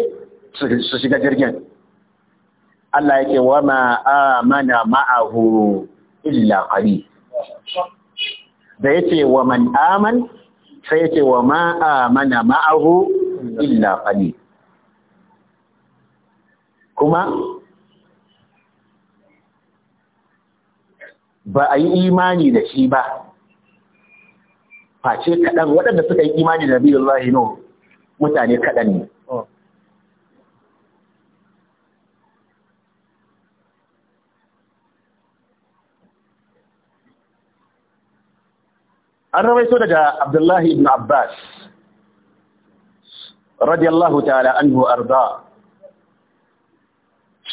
su shiga jirgin Allah yake wa ma'amana ma'ahu illa ƙari. da yake wa man'aman, sai sai yake wa ma'amana ma'ahu illa ƙari. kuma ba a yi imani da shi ba face kaɗan waɗanda suka yi imani da nabi Allah no mutane kaɗan ne oh. an rawaito daga abdullahi ibn abbas radiyallahu ta'ala anhu arda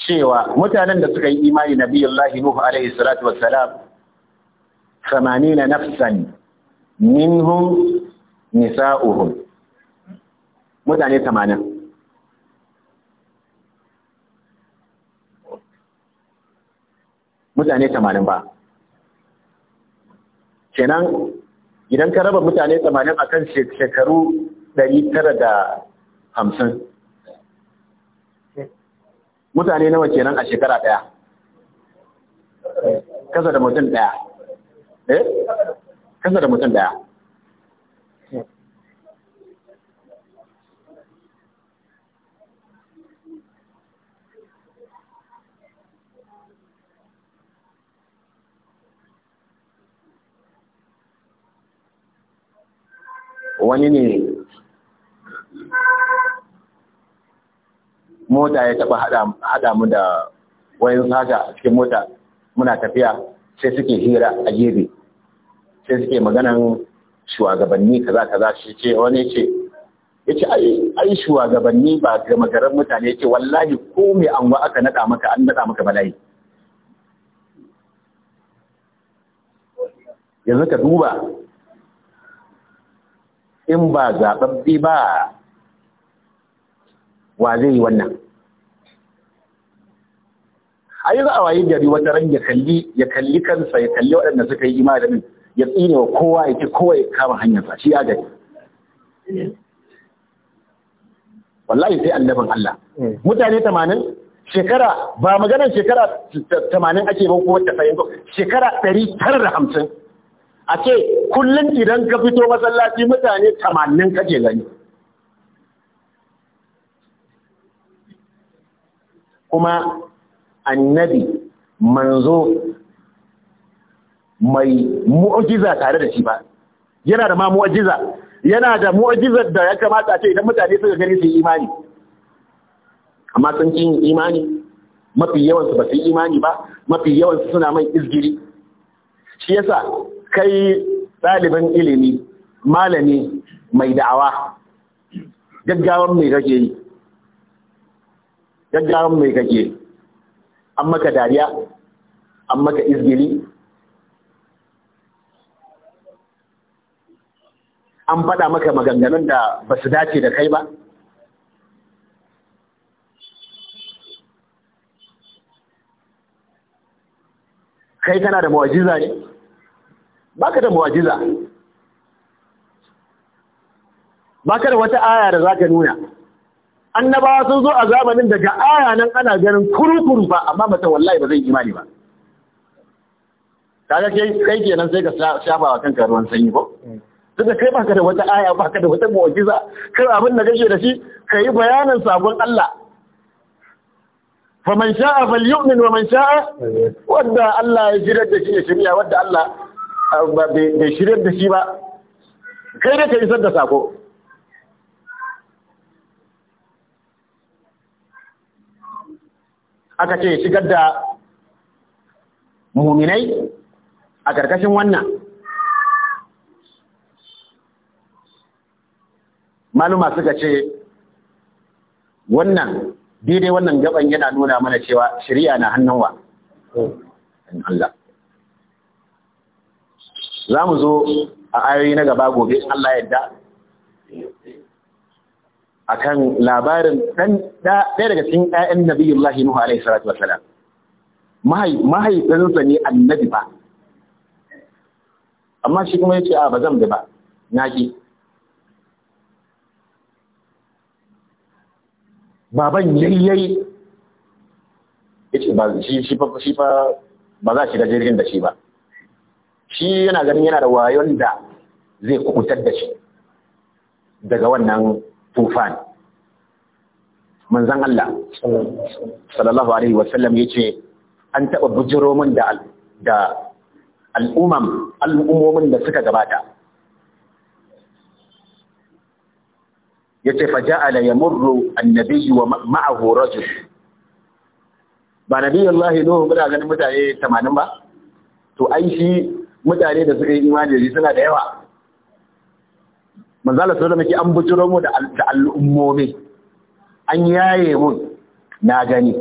cewa mutanen da suka yi imani nabiyullahi nuhu alaihi salatu wassalam 80 nafsan minhum nisa'uhum mutane 80 mutane 80 ba kenan idan ka raba mutane 80 akan shekaru 950 mutane nawa kenan a shekara daya kasa da mutum daya eh kasa da mutum daya wani ne mota ya taba hada mu da wayan sata a cikin mota muna tafiya sai suke hira a gefe sai suke maganan shugabanni kaza kaza shi ce wani ce ya ce ai shugabanni ba ga magaran mutane ya ce wallahi ko mai anwa aka naɗa maka an naɗa maka bala'i yanzu ka duba in ba zaɓaɓɓi ba wa zai yi wannan a yi za a wayi gari wata ran ya kalli kansa ya kalli waɗanda suka yi imanin ya tsine wa kowa ya ke kowa ya kama sa shi ya gari wallahi sai annabin Allah hmm. mutane tamanin shekara ba maganar shekara tamanin ake ba ko ta sayin shekara ɗari tara da hamsin a ce kullum idan ka fito masallaci mutane tamanin kake gani kuma annabi manzo mai mu'ajiza tare da shi ba yana da ma mu'ajiza yana da mu'ajizar da ya kamata ce idan mutane suka gani su yi imani amma sun kin imani mafi yawansu ba su yi imani ba mafi yawansu suna mai izgiri shi yasa kai ɗaliban ilimi malami mai da'awa gaggawan mai kake yi gaggawan mai kake an maka dariya an maka izgiri an faɗa maka maganganun da ba su dace da kai ba kai kana da mawajiza ne baka da Ba baka da wata aya da za ka nuna annabawa sun zo a zamanin daga aya nan ana ganin kurukuru ba amma mata wallahi ba zai imani ba kaga kai kai kenan sai ka shafa wa kanka ruwan sanyi ko mm. tunda kai baka da wata aya baka da wata mu'jiza kai abin da kake da shi kai bayanin sabon Allah man sha'a falyu'min wa man sha'a wanda Allah ya shirya da shi ya shirya wanda Allah bai shirya da shi ba kai da ka isar da sako aka ce shigar da muminai a ƙarƙashin wannan maluma suka ce wannan daidai wannan gaban yana nuna mana cewa shari'a na hannun wa Allah za mu zo a ayoyi na gaba gobe Allah yadda A kan labarin ɗaya daga cikin ɗayan nabiyullahi Nuhu alaihi salatu wasalam mahaifinsa ne annabi ba amma shi kuma ya ce a ba zan bi ba na ki baban yayyai yace ba shi shi fa shi fa ba za shi da jirgin da shi ba shi yana ganin yana da wayon da zai kukutar da shi daga wannan tufan manzon Allah sallallahu alaihi sallam yace an taba bujiro min da da al'umam al'umomin da suka gabata yace fa ja'ala yamurru annabi wa ma'ahu rajul ba nabiyullahi nuhu muna ganin mutane 80 ba to ai shi mutane da suka yi imani da suna da yawa manzala sallallahu alaihi an bujiro mu da al'ummomi an yaye mun na gani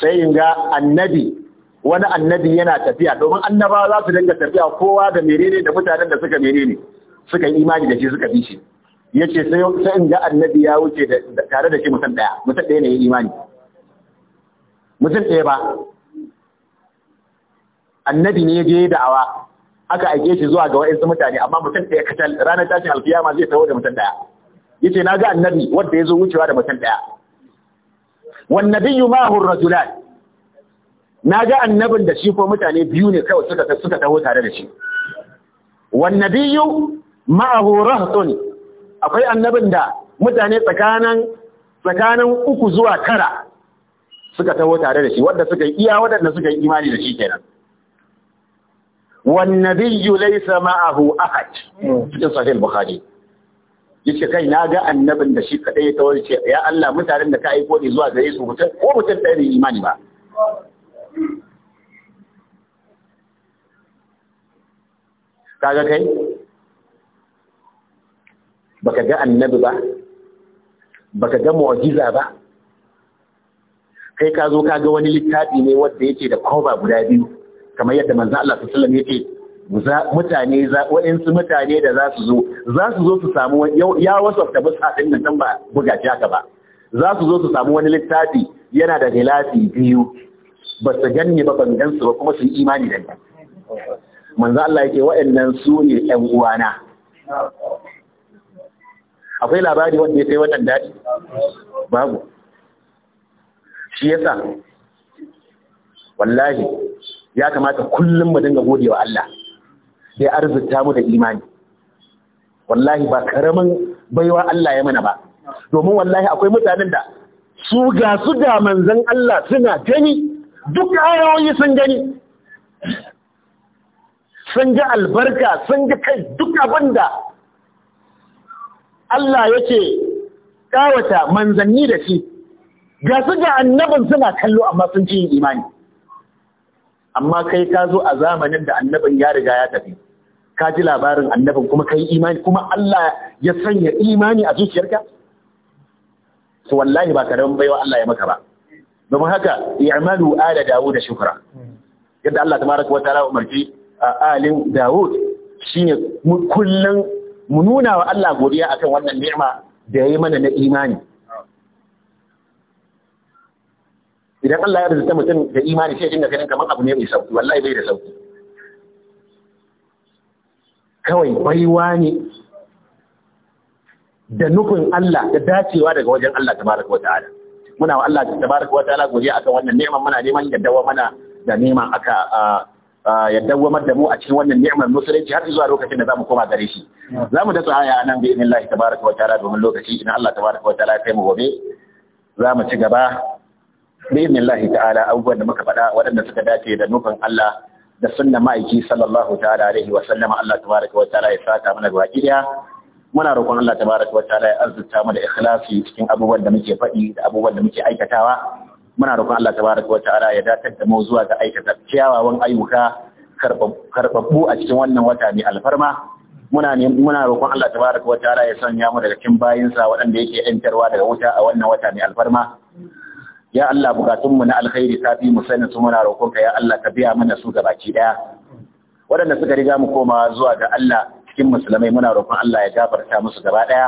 sai in ga annabi wani annabi yana tafiya domin annabawa za su dinga tafiya kowa da menene da mutanen da suka menene suka yi imani da shi suka bi shi ya ce sai in ga annabi ya wuce tare da shi mutum ɗaya mutum ɗaya ne ya imani mutum ɗaya ba annabi ne ya je da'awa aka aike shi zuwa ga wa'insu mutane amma mutum ɗaya kacal ranar tashin alfiyama zai taho da mutum ɗaya yace na ga annabi wanda ya zo wucewa da mutum ɗaya wannabi nabiyyu mahur rasulat na ga annabin da shi ko mutane biyu ne kawai suka suka taho tare da shi wannabi nabiyyu ma'ahu rahtun akwai annabin da mutane tsakanin uku zuwa tara suka taho tare da shi wadda suka yi iya waɗanda suka yi imani da shi kenan sama a laysa ma'ahu ahad cikin sahil bukhari Yake kai na ga annabin da shi kaɗai ya tawar ce, ya Allah mutanen da ka aiko ni zuwa gare su mutum ko mutum ɗaya ne imani ba kaga kai baka ga annabi ba baka ga mu'jiza ba kai ka zo ka ga wani littafi ne wanda yake da koba guda biyu kamar yadda manzo Allah sallallahu alaihi wasallam yake mutane waɗansu mutane da za su zo za su zo su samu ya wasafta bisa din nan ba buga aka ba za su zo su samu wani littafi yana da hilafi biyu ba su ganni ba ban gansu ba kuma su yi imani da ni manzo Allah yake waɗannan su ne ƴan uwana akwai labari wanda ya sai wannan daɗi babu shi yasa wallahi ya kamata kullum mu dinga gode wa Allah ya arzuta mu da imani wallahi ba karamin baiwa Allah ya mana ba domin wallahi akwai mutanen da su ga su da manzon Allah suna gani duk ayoyi sun gani sun ga albarka sun ga kai duk abinda Allah ya yake kawata manzanni da shi ga su ga annabin suna kallo amma sun yin imani amma kai ka zo a zamanin da annabin ya riga ya tafi ka ji labarin annabin kuma kai imani kuma Allah ya sanya imani a zuciyarka to wallahi ba karamin baiwa Allah ya maka ba domin haka i'malu ala da shukra yadda Allah ta tabaraka wa ta'ala umarci alin dawud shine kullum. mu nuna wa Allah godiya akan wannan ni'ima da yayi mana na imani idan Allah ya rizata mutum da imani sai dinga ganin kamar abu ne mai sauki wallahi bai da sauki kawai baiwa ne da nufin Allah da dacewa daga wajen Allah tabaraka wata'ala muna wa Allah tabaraka wata'ala godiya akan wannan neman muna neman da dawa mana da neman aka ya dawwamar da mu a cikin wannan ni'imar musulunci har zuwa lokacin da zamu koma gare shi zamu da aya nan bi Allah tabaraka wa ta'ala domin lokaci idan Allah tabaraka wa ta'ala ya kai mu gobe zamu ci gaba bi Allah ta'ala abubuwan da muka faɗa waɗanda suka dace da nufin Allah da sunnan ma'aiki sallallahu ta'ala alaihi wa sallama Allah tabaraka wa ta'ala ya saka mana gaba kiriya muna roƙon Allah tabaraka wa ta'ala ya azurta mu da ikhlasi cikin abubuwan da muke faɗi da abubuwan da muke aikatawa muna roƙon Allah tabaraka wata'ala ya dakatar da mu zuwa ga aikata ciyawawan ayyuka karɓaɓɓu a cikin wannan wata mai alfarma muna muna roƙon Allah tabaraka wata'ala ya sanya mu daga cikin bayinsa waɗanda yake yantarwa daga wuta a wannan wata mai alfarma ya Allah bukatunmu na alkhairi ta fi mu sanin su muna roƙonka ya Allah ka biya mana su gabaki daya waɗanda suka riga mu koma zuwa ga Allah cikin musulmai muna roƙon Allah ya gafarta musu gaba daya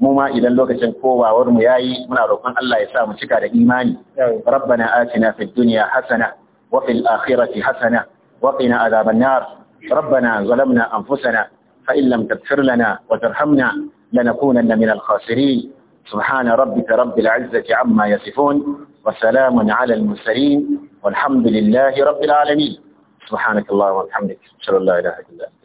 mu ma idan lokacin kowawar mu yayi muna roƙon Allah ya sa mu cika da imani rabbana atina fid dunya hasana wa fil akhirati hasana wa qina adhaban nar ربنا ظلمنا أنفسنا فإن لم تغفر لنا وترحمنا لنكونن من الخاسرين سبحان ربك رب العزة عما يصفون وسلام على المرسلين والحمد لله رب العالمين سبحانك اللهم وبحمدك اشهد ان لا اله الا انت